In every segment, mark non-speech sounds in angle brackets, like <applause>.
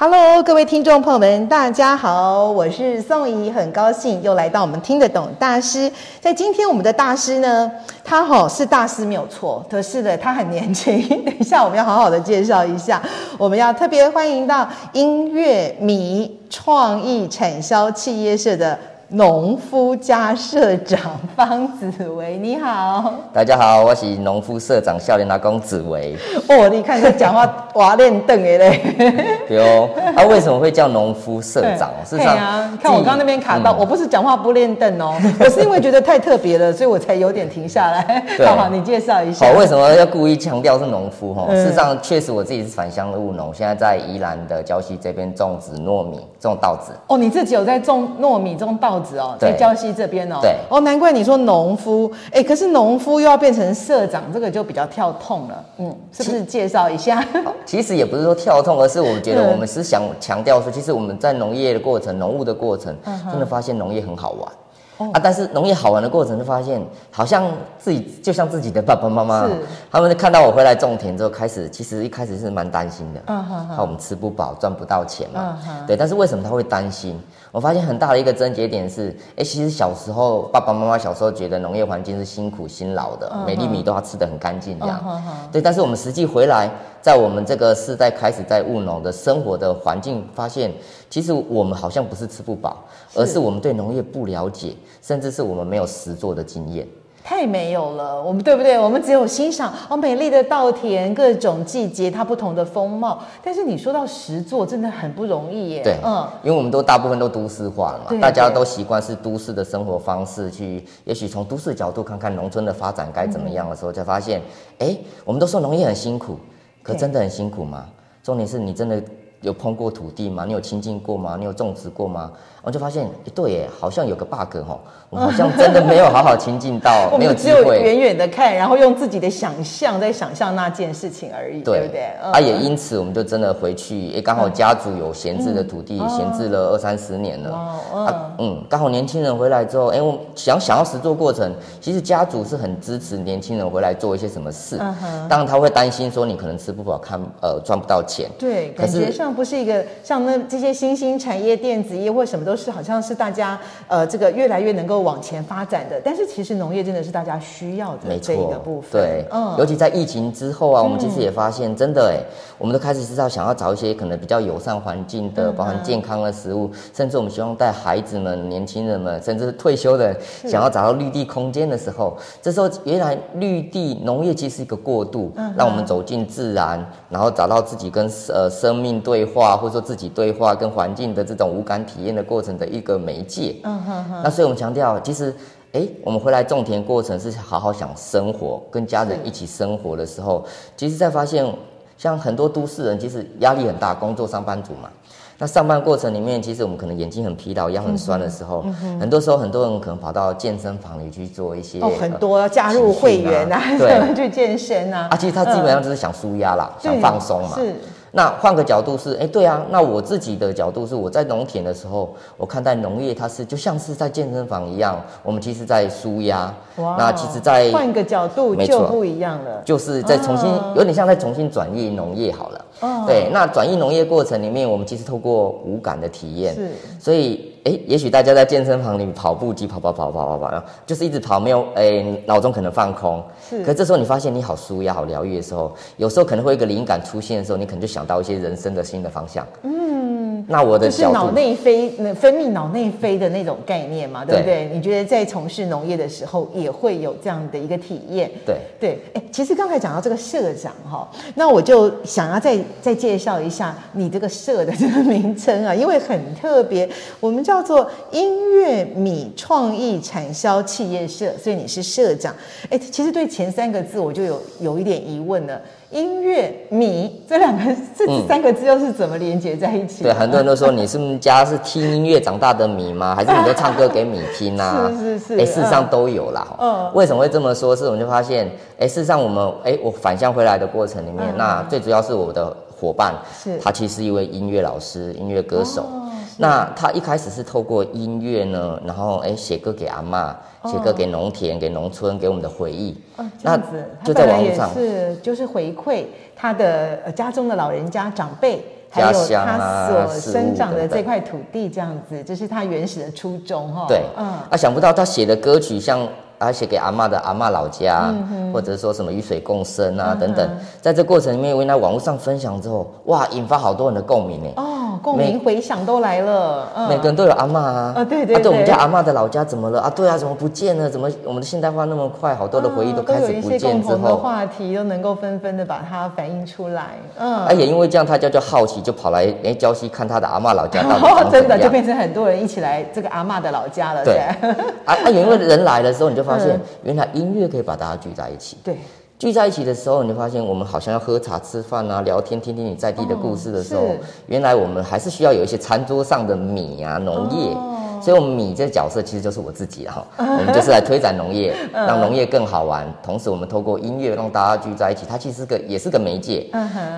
哈嘍，Hello, 各位聽眾朋友們，大家好，我是宋怡，很高興又來到我們聽得懂大師。在今天，我們的大師呢，他好是大師沒有錯，可是呢，他很年輕。等一下我們要好好的介紹一下，我們要特別歡迎到音樂米創意產銷企業社的。農夫家社長方子維，你好，大家好，我是農夫社長少年阿公子維。哇、哦，你看你講話娃練凳耶嘞， <laughs> 對哦，他、啊、為什麼會叫農夫社長？是這樣，看我剛剛那邊卡到，嗯、我不是講話不練凳哦，我是因為覺得太特別了，所以我才有點停下來。對好，好，你介紹一下。好，為什麼要故意強調是農夫？哈，嗯、事實上確實我自己是返鄉務農，現在在宜蘭的礁溪這邊種植糯米、種稻子。哦，你自己有在種糯米、種稻子。哦，在礁溪這邊哦，對哦，難怪你說農夫，哎，可是農夫又要變成社長，這個就比較跳痛了，嗯，是不是介紹一下？其實也不是說跳痛，而是我覺得我們是想強調說，嗯、其實我們在農業的過程、農務的過程，uh huh. 真的發現農業很好玩、uh huh. 啊！但是農業好玩的過程，就發現好像自己就像自己的爸爸媽媽，是他們看到我回來種田之後，開始其實一開始是蠻擔心的，嗯哼、uh，怕、huh. 我們吃不飽、賺不到錢嘛，uh huh. 對。但是為什麼他會擔心？我發現很大的一個症結點是，誒、欸、其實小時候爸爸媽媽小時候覺得農業環境是辛苦辛勞的，每粒米都要吃得很乾淨這樣。嗯嗯嗯嗯嗯、對，但是我們實際回來，在我們這個世代開始在務農的生活的環境，發現其實我們好像不是吃不飽，而是我們對農業不了解，甚至是我們沒有實做的經驗。太沒有了，我們對不對？我們只有欣賞哦美麗的稻田，各種季節它不同的風貌。但是你說到實作，真的很不容易耶。對，嗯，因為我們都大部分都都，都市化了嘛，對對，大家都習慣是都市的生活方式去，也許從都市角度看看農村的發展該怎麼樣的時候，嗯，才發現，哎，我們都說農業很辛苦，可真的很辛苦嗎？對。重點是你真的有碰過土地嗎？你有親近過嗎？你有種植過嗎？.我就發現、欸，對耶，好像有個 bug 哈,我們好像真的沒有好好親近到，沒有 <laughs> 我們只有遠遠的看，然後用自己的想象在想象那件事情而已，對，對不對？嗯、啊，也因此我們就真的回去，哎、欸，剛好家族有閒置的土地，閒、嗯嗯哦、置了二三十年了。哦，哦、啊，嗯，剛好年輕人回來之後，哎、欸，我想想要實作過程，其實家族是很支持年輕人回來做一些什麼事。嗯、啊、哈當然他會擔心說你可能吃不飽、看呃賺不到錢。對，感覺上不是一個是像那這些新興產業，電子業或什麼。都是好像是大家呃這個越來越能夠往前發展的，但是其實農業真的是大家需要的沒錯這一個部分，對，嗯、尤其在疫情之後啊，我們其實也發現，嗯、真的哎，我們都開始知道想要找一些可能比較友善環境的、嗯啊、包含健康的食物，甚至我們希望帶孩子們、年輕人們，甚至是退休的，是想要找到綠地空間的時候，這時候原來綠地農業其實是一個過渡，嗯、啊，讓我們走進自然，然後找到自己跟呃生命對話，或者說自己對話跟環境的這種無感體驗的過程。過程的一個媒介。嗯哼，哼。那所以我們強調，其實，哎，我們回來種田過程是好好想生活，跟家人一起生活的時候，是其實在發現，像很多都市人其實壓力很大，工作上班族嘛。那上班過程裡面，其實我們可能眼睛很疲勞，腰很酸的時候，嗯嗯、很多時候很多人可能跑到健身房裡去做一些，哦呃、很多要加入會員啊，什麼、啊、 <laughs> 去健身啊。啊，其實他基本上就是想舒壓啦，嗯、想放鬆嘛。是。那換個角度是，哎、欸，對啊，那我自己的角度是，我在農田的時候，我看待農業，它是就像是在健身房一樣，我們其實在，在舒壓。哇，那其實在，在換個角度，沒錯，就不一樣了，就是在重新，oh. 有點像在重新轉業農業好了。Oh. 對，那轉移農業過程裡面，我們其實透過五感的體驗，是所以，哎、欸，也許大家在健身房裡跑步機跑跑跑跑跑跑，就是一直跑，沒有，哎、欸，腦中可能放空，是，可是這時候你發現你好紓壓好療癒的時候，有時候可能會有一個靈感出現的時候，你可能就想到一些人生的新的方向，嗯、mm。Hmm. 那我得，就是腦內啡，那白分泌腦內啡的那種概念嘛，對不對？對你覺得在從事農業的時候也會有這樣的一個體驗？對對，哎，其實剛才講到這個社長哈，那我就想要再再介紹一下你這個社的這個名稱啊，因為很特別，我們叫做音樂米創意產銷企業社，所以你是社長。哎，其實對前三個字我就有有一點疑問了，音樂米這兩個這三個字又是怎麼連接在一起的？嗯？對，很多。人 <laughs> 都說你是家是聽音樂長大的米嗎？還是你都唱歌給米聽吶、啊？ <laughs> 是是是，哎，事實上都有啦。嗯嗯、為什麼會這麼說？是我們就發現，哎，事實上我們哎，我返鄉回來的過程裡面，嗯、那最主要是我的夥伴，是他其實是一位音樂老師、音樂歌手。哦那他一開始是透過音樂呢，然後哎寫歌給阿嬤，寫歌給農田，給農村，給我們的回憶。那就在網絡上，是就是回饋他的呃家中的老人家長輩，家鄉所生長的這塊土地，這樣子，這是他原始的初衷哈。對，嗯，啊，想不到他寫的歌曲，像他寫給阿嬤的阿媽老家，或者說什麼與水共生啊等等，在這過程裡面，我們那網絡上分享之後，哇，引發好多人的共鳴呢。哦、共鳴回響都來了，每，嗯、每個人都有阿嬤啊，啊對對對，啊、對我們家阿嬤的老家怎麼了啊？對啊，怎麼不見了？怎麼我們的現代化那麼快，好多的回憶都開始不見之後，啊、共同的話題都能夠紛紛的把它反映出來。嗯，他、啊、也因為這樣，他叫做好奇，就跑來哎礁溪看他的阿嬤老家。到底哦，真的就變成很多人一起來這個阿嬤的老家了。對，樣啊，也因為人來的時候，你就發現、嗯、原來音樂可以把大家聚在一起。對。聚在一起的時候，你就發現我們好像要喝茶、吃飯啊，聊天，聽聽你在地的故事的時候，哦、原來我們還是需要有一些餐桌上的米啊、農業。哦所以我們米這個角色其實就是我自己哈，我們就是來推展農業， <laughs> 讓農業更好玩。同時，我們透過音樂讓大家聚在一起，它其實是個也是個媒介。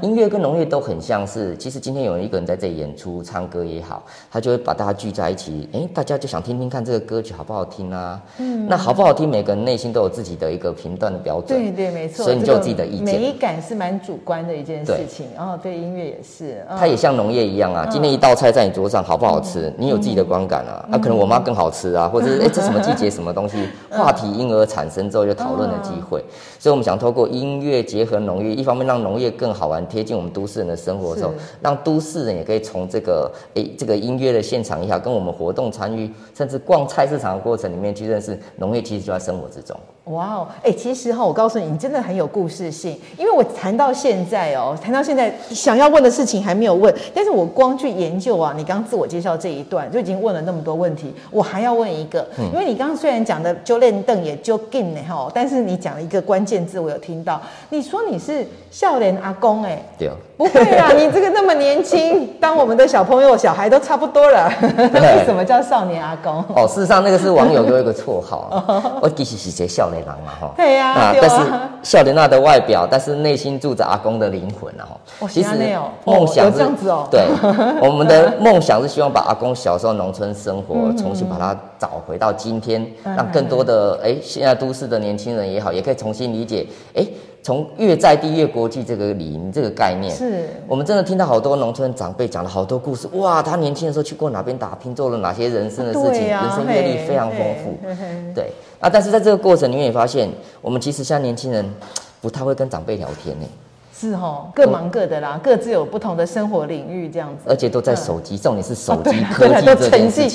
音樂跟農業都很像是，其實今天有一個人在這裡演出唱歌也好，他就會把大家聚在一起，哎、欸，大家就想聽聽看這個歌曲，好不好聽啊？那好不好聽，每個人內心都有自己的一個評斷的標準。對對對，沒錯。所以你就有自己的意見，美感是蠻主觀的一件事情。對哦，對，音樂也是。哦、它也像農業一樣啊，今天一道菜在你桌上好不好吃，嗯、你有自己的觀感啊。那、啊、可能我媽更好吃啊，或者是，哎、欸，這什麼季節什麼東西話題因而產生之後就討論的機會，所以我們想透過音樂結合農業，一方面讓農業更好玩，貼近我們都市人的生活的時候，是讓都市人也可以從這個哎、欸、這個音樂的現場也好跟我們活動參與，甚至逛菜市場的過程裡面去認識農業其實就在生活之中。哇哦，哎、wow, 欸，其實哈，我告訴你，你真的很有故事性。因為我談到現在哦、喔，談到現在想要問的事情還沒有問，但是我光去研究啊，你剛自我介紹這一段就已經問了那麼多問題，我還要問一個。嗯，因為你剛雖然講的就練凳，也就更呢哈，但是你講了一個關鍵字，我有聽到，你說你是少年阿公哎、欸。對啊。 <laughs> 不會啊，你這個那麼年輕，當我們的小朋友、小孩都差不多了，那對 <laughs> 為什麼叫少年阿公？哦，事實上那個是網友給我一個綽號、啊， <laughs> 我其實是少年郎嘛哈。對呀，啊，啊啊但是少年郎的外表，但是內心住着阿公的靈魂哦、啊，其實沒有夢想這樣子哦、喔。 <laughs> 對，我們的夢想是希望把阿公小時候農村生活 <laughs> 嗯嗯，重新把它找回到今天，讓更多的哎、欸、現在都市的年輕人也好，也可以重新理解哎。欸從越在地越國際這個理、這個概念，是我們真的聽到好多農村長輩講了好多故事。哇，他年輕的時候去過哪邊打拼，做了哪些人生的事情，啊啊人生閱歷非常豐富。嘿嘿嘿對、啊、但是在這個過程裡面，也發現我們其實像年輕人不太會跟長輩聊天呢、欸。是哦，各忙各的啦，嗯、各自有不同的生活領域這樣子，而且都在手機，嗯、重點是手機、啊啊啊、科技都成浸。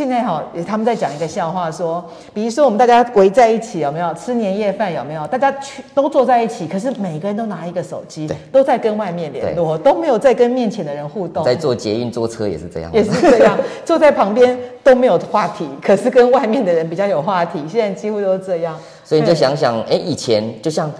現在哈，他們在講一個笑話，說，比如說我們大家圍在一起，有沒有吃年夜飯？有沒有大家都坐在一起，可是每個人都拿一個手機，對都在跟外面聯絡，對都沒有在跟面前的人互動。在坐捷運、坐車也是這樣，也是這樣， <laughs> 坐在旁邊都沒有話題，可是跟外面的人比較有話題。現在幾乎都是這樣，所以你就想想，哎、嗯欸，以前就像。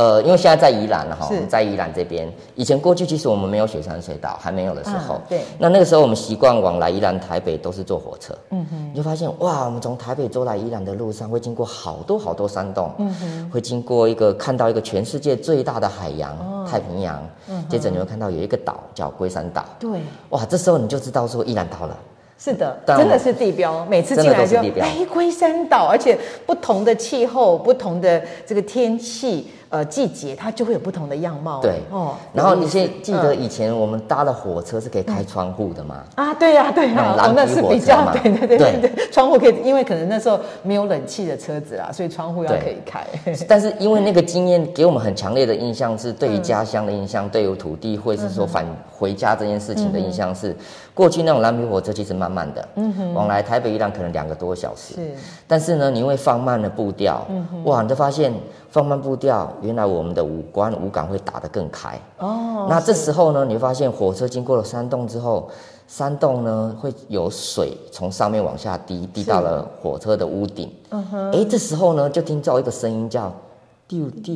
呃，因為現在在宜蘭了哈，我們在宜蘭這邊，以前過去其實我們沒有雪山隧道，還沒有的時候，對。那那個時候我們習慣往來宜蘭台北都是坐火車，嗯哼。你就發現哇，我們從台北走來宜蘭的路上，會經過好多好多山洞，嗯哼。會經過一個看到一個全世界最大的海洋——太平洋，嗯。接着你會看到有一個島叫龜山島，對。哇，這時候你就知道說宜蘭到了，是的，真的是地標，每次進來就哎，龜山島，而且不同的氣候，不同的這個天氣。呃，季節它就會有不同的樣貌。對，哦，然後你現在記得以前我們搭的火車是可以開窗戶的嘛、嗯？啊，對呀、啊，對呀、啊哦，那是比較對對對，窗戶可以，因為可能那時候沒有冷氣的車子啦，所以窗戶要可以開。對 <laughs> 但是因為那個經驗給我們很強烈的印象，是對於家鄉的印象，嗯、對於土地，或者是說返回家這件事情的印象是。過去那種藍皮火車其實慢慢的，往來台北一輛可能兩個多小時。是，但是呢，你因為放慢了步調，哇，你就發現放慢步調，原來我們的五官五感會打得更開。哦。那這時候呢，是你會發現火車經過了山洞之後，山洞呢會有水從上面往下滴，滴到了火車的屋頂。嗯哼是。哎，這時候呢，就聽到一個聲音叫“丟丟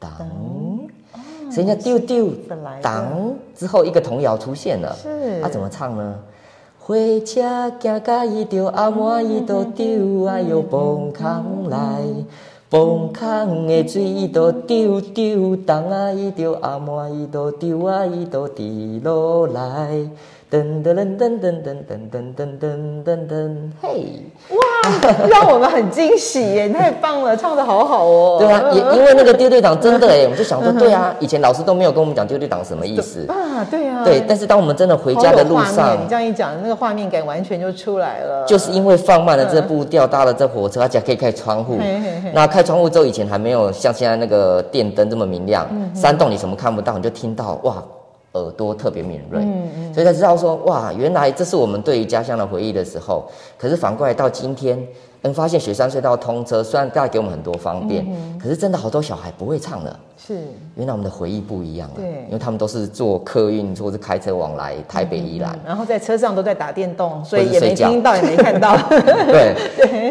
擋剩下丟丟當之後，一個童謠出現了。他怎麼唱呢？火車行到伊都阿妹，伊都丟啊又蹦空來，蹦空的水伊都丟丟當啊，伊都阿妹，伊都丟啊，伊都滴落來。噔噔噔噔噔噔噔噔噔噔，嘿！哇，讓我們很驚喜耶！你太棒了，唱得好好哦。對啊，也因為那個丟隊長真的誒，我就想說，對啊，以前老師都沒有跟我們講丟隊長什麼意思啊？對啊。對，但是當我們真的回家的路上，你這樣一講，那個畫面感完全就出來了。就是因為放慢了這步調，搭了這火車，而且還可以開窗戶。那開窗戶之後，以前還沒有像現在那個電燈這麼明亮。嗯。山洞裡什麼看不到，你就聽到哇。耳朵特別敏銳，嗯嗯，所以才知道說，哇，原來這是我們對於家鄉的回憶的時候。可是反過來到今天。嗯，發現雪山隧道通車，雖然帶給我們很多方便，可是真的好多小孩不會唱了。是，原來我們的回憶不一樣了。對，因為他們都是坐客運，或者是開車往來台北、宜蘭，然後在車上都在打電動，所以也沒聽到，也沒看到。對，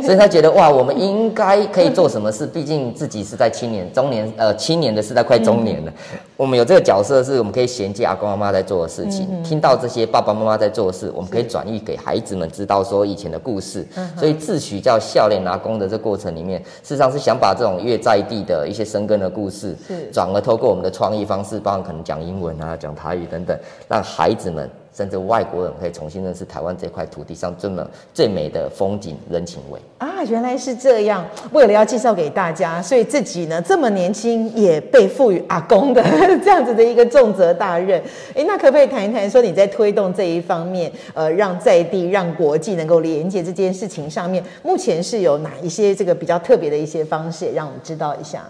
所以他覺得哇，我們應該可以做什麼事？畢竟自己是在青年、中年，呃，青年的是在快中年了。我們有這個角色，是我們可以銜接阿公阿嬤在做的事情，聽到這些爸爸媽媽在做的事，我們可以轉譯給孩子們知道說以前的故事。所以自詡叫。笑臉拿弓的這過程裡面，事實上是想把這種越在地的一些生根的故事，轉是而透過我們的創意方式，包括可能講英文啊、講台語等等，讓孩子們。甚至外國人可以重新認識台灣這塊土地上這麼最美的風景、人情味啊！原來是這樣。為了要介紹給大家，所以自己呢這麼年輕也被賦予阿公的這樣子的一個重責大任。哎、欸，那可不可以談一談說你在推動這一方面，呃，讓在地、讓國際能夠連接這件事情上面，目前是有哪一些這個比較特別的一些方式，讓我們知道一下？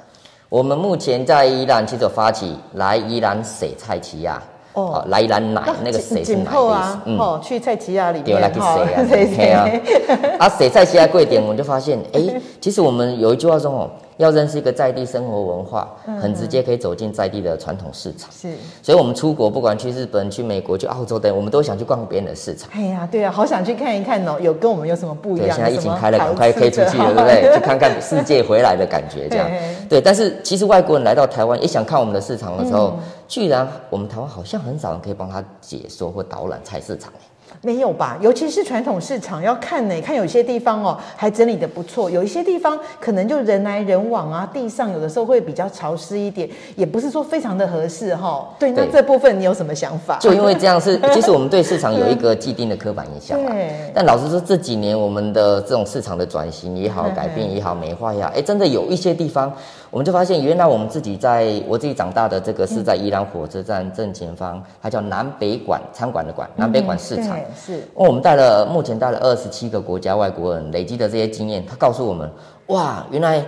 我們目前在宜蘭其實發起來宜蘭迺菜市仔。哦，來宜蘭迺，那個迺是奶的意思？嗯，哦，去菜市場裡面跑，迺迺啊？啊，迺菜市場貴一點，我們就發現，哎，其實我們有一句話說哦。要認識一個在地生活文化，很直接可以走進在地的傳統市場。是、嗯，所以，我們出國，不管去日本、去美國、去澳洲等，我們都想去逛別人的市場。哎呀，對啊，好想去看一看哦，有跟我們有什麼不一樣？對，現在疫情開了，趕快可以出去了，對不對？去 <laughs> 看看世界回來的感覺，這樣。對,嘿對，但是其實外國人來到台灣也想看我們的市場的時候，嗯、居然我們台灣好像很少人可以幫他解說或導覽菜市場、欸。沒有吧？尤其是傳統市場，要看呢。看有些地方哦，還整理得不錯；有一些地方可能就人來人往啊，地上有的時候會比較潮濕一點，也不是說非常的合適哈、哦。對，對那這部分你有什麼想法？就因為這樣是， <laughs> 其實我們對市場有一個既定的刻板印象、啊。對。但老實說，這幾年我們的這種市場的轉型也好、改變也好、美化也好，哎，真的有一些地方。我們就發現，原來我們自己在我自己長大的這個是在宜蘭火車站正前方，它叫南北館餐館的館，南北館市場。嗯、是，我們帶了目前帶了二十七個國家外國人累積的這些經驗，他告訴我們，哇，原來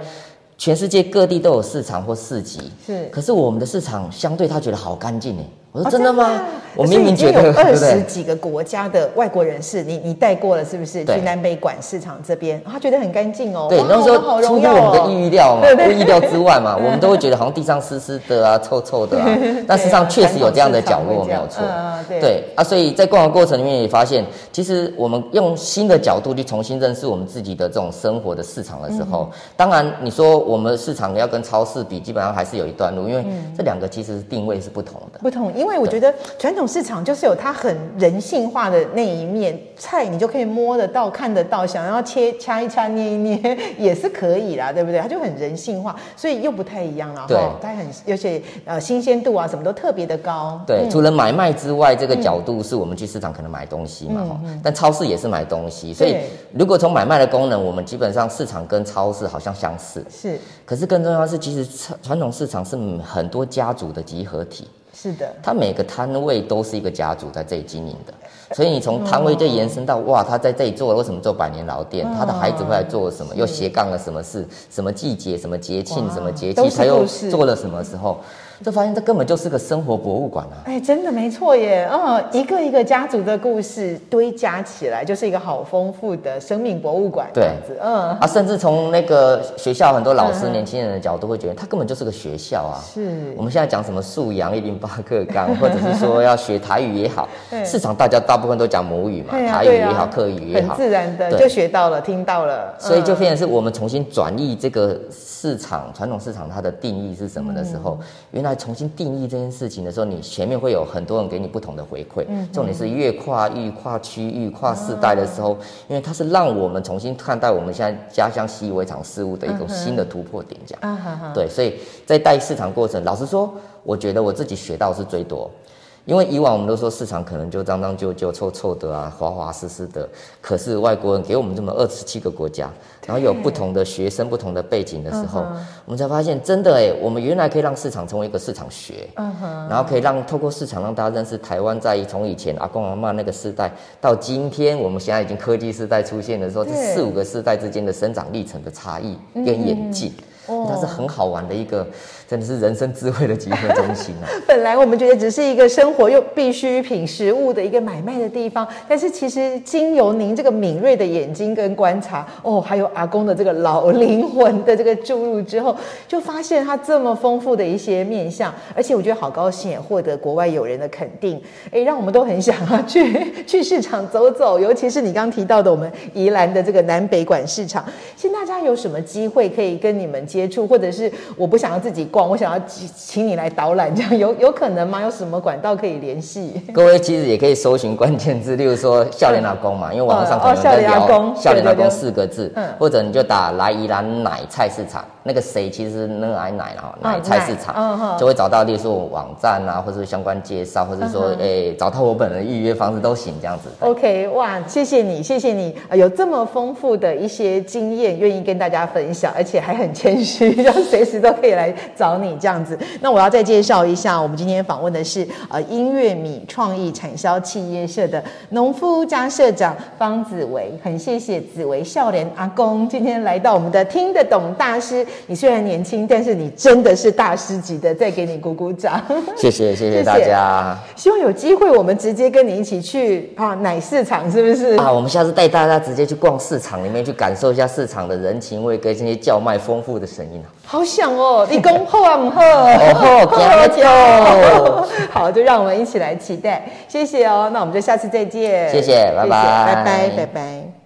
全世界各地都有市場或市集，是，可是我們的市場相對他覺得好乾淨誒我說真的嗎？我明明已經有二十幾個國家的外國人士，你你帶過了是不是？去南北館市場這邊，他覺得很乾淨哦。對，那時候出乎我們的意料嘛，出乎意料之外嘛，我們都會覺得好像地上濕濕的啊，臭臭的啊。但事實上確實有這樣的角落沒有錯。對啊，所以在逛的過程裡面也發現，其實我們用新的角度去重新認識我們自己的這種生活的市場的時候，當然你說我們市場要跟超市比，基本上還是有一段路，因為這兩個其實定位是不同的。不同。因為我覺得傳統市場就是有它很人性化的那一面，菜你就可以摸得到、看得到，想要切掐一掐、捏一捏也是可以啦，對不對？它就很人性化，所以又不太一樣了。對、哦，它很，而且呃新鮮度啊什麼都特別的高。對，嗯、除了買賣之外，這個角度是我們去市場可能買東西嘛，哈、嗯，嗯、但超市也是買東西，所以如果從買賣的功能，我們基本上市場跟超市好像相似。是，可是更重要的是，其實傳統市場是很多家族的集合體。是的，他每個攤位都是一個家族在這裡經營的，所以你從攤位就延伸到、嗯、哇，他在這裡做了為什麼做百年老店？嗯、他的孩子會來做什麼？嗯、又斜槓了什麼事？是什麼季節？什麼節慶？哇什麼節氣？他是又做了什麼時候？就發現這根本就是個生活博物館啊！哎，真的沒錯耶，嗯、哦，一個一個家族的故事堆加起來，就是一個好豐富的生命博物館樣子。對，嗯啊，甚至從那個學校很多老師年輕人的角度會覺得，它根本就是個學校啊。是，我們現在講什麼素養一零八課綱，或者是說要學台語也好， <laughs> 對市場大家大部分都講母語嘛，啊、台語也好，客、啊、語也好，很自然的對就學到了，聽到了。所以就變成是我們重新轉移這個市場，傳統市場它的定義是什麼的時候，嗯、原來。在重新定義這件事情的時候，你前面會有很多人給你不同的回饋。嗯哼，重點是越跨域、越跨區域、跨世代的時候，哦、因為它是讓我們重新看待我們現在家鄉習以為常事物的一種新的突破點。這樣，對，所以在帶市場過程，老實說，我覺得我自己學到是最多。因為以往我們都說市場可能就髒髒舊舊、臭臭的啊、滑滑濕濕的，可是外國人給我們這麼二十七個國家，對然後有不同的學生、不同的背景的時候，嗯、哼我們才發現真的誒，我們原來可以讓市場成為一個市場學，嗯、哼然後可以讓透過市場讓大家認識台灣在從以前阿公阿媽那個時代到今天，我們現在已經科技時代出現的時候，這對四五個世代之間的生長歷程的差異跟演進，嗯嗯、哦、它是很好玩的一個。真的是人生智慧的集合中心啊！ <laughs> 本來我們覺得只是一個生活用必需品、食物的一個買賣的地方，但是其實經由您這個敏銳的眼睛跟觀察，哦，還有阿公的這個老靈魂的這個注入之後，就發現它這麼豐富的一些面向，而且我覺得好高興，獲得國外友人的肯定，哎，讓我們都很想要去去市場走走，尤其是你剛提到的我們宜蘭的這個南北館市場。現在大家有什麼機會可以跟你們接觸，或者是我不想要自己逛？我想要請請你來導覽，這樣有有可能嗎？有什麼管道可以聯繫？各位其實也可以搜尋關鍵字，例如說少年阿公嘛，因為網路上可能在聊少年阿公，少年阿公四個字，或者你就打來宜蘭迺菜市場，那個誰其實是那買奶奶哈，迺菜市場、oh, 奶就會找到，例如說網站啊，或者是相關介紹，或者是說，誒、oh, 欸，找到我本人預約方式都行這樣子。OK，哇，謝謝你，謝謝你、呃、有這麼豐富的一些經驗，願意跟大家分享，而且還很謙虛，要隨時都可以來找你這樣子。那我要再介紹一下，我們今天訪問的是呃音樂米創意產銷企業社的農夫家社長方子維，很謝謝子維，少年阿公今天來到我們的聽得懂大師。你雖然年輕，但是你真的是大師級的，再給你鼓鼓掌。 <laughs> 謝謝謝謝大家。希望有機會我們直接跟你一起去啊迺市場，是不是？啊，我們下次帶大家直接去逛市場裡面，去感受一下市場的人情味，跟這些叫賣豐富的聲音好想哦，立功後啊，唔後哦吼，加油！ <laughs> <laughs> 好，就讓我們一起來期待。謝謝哦，那我們就下次再見。謝謝，拜拜，拜拜，拜拜。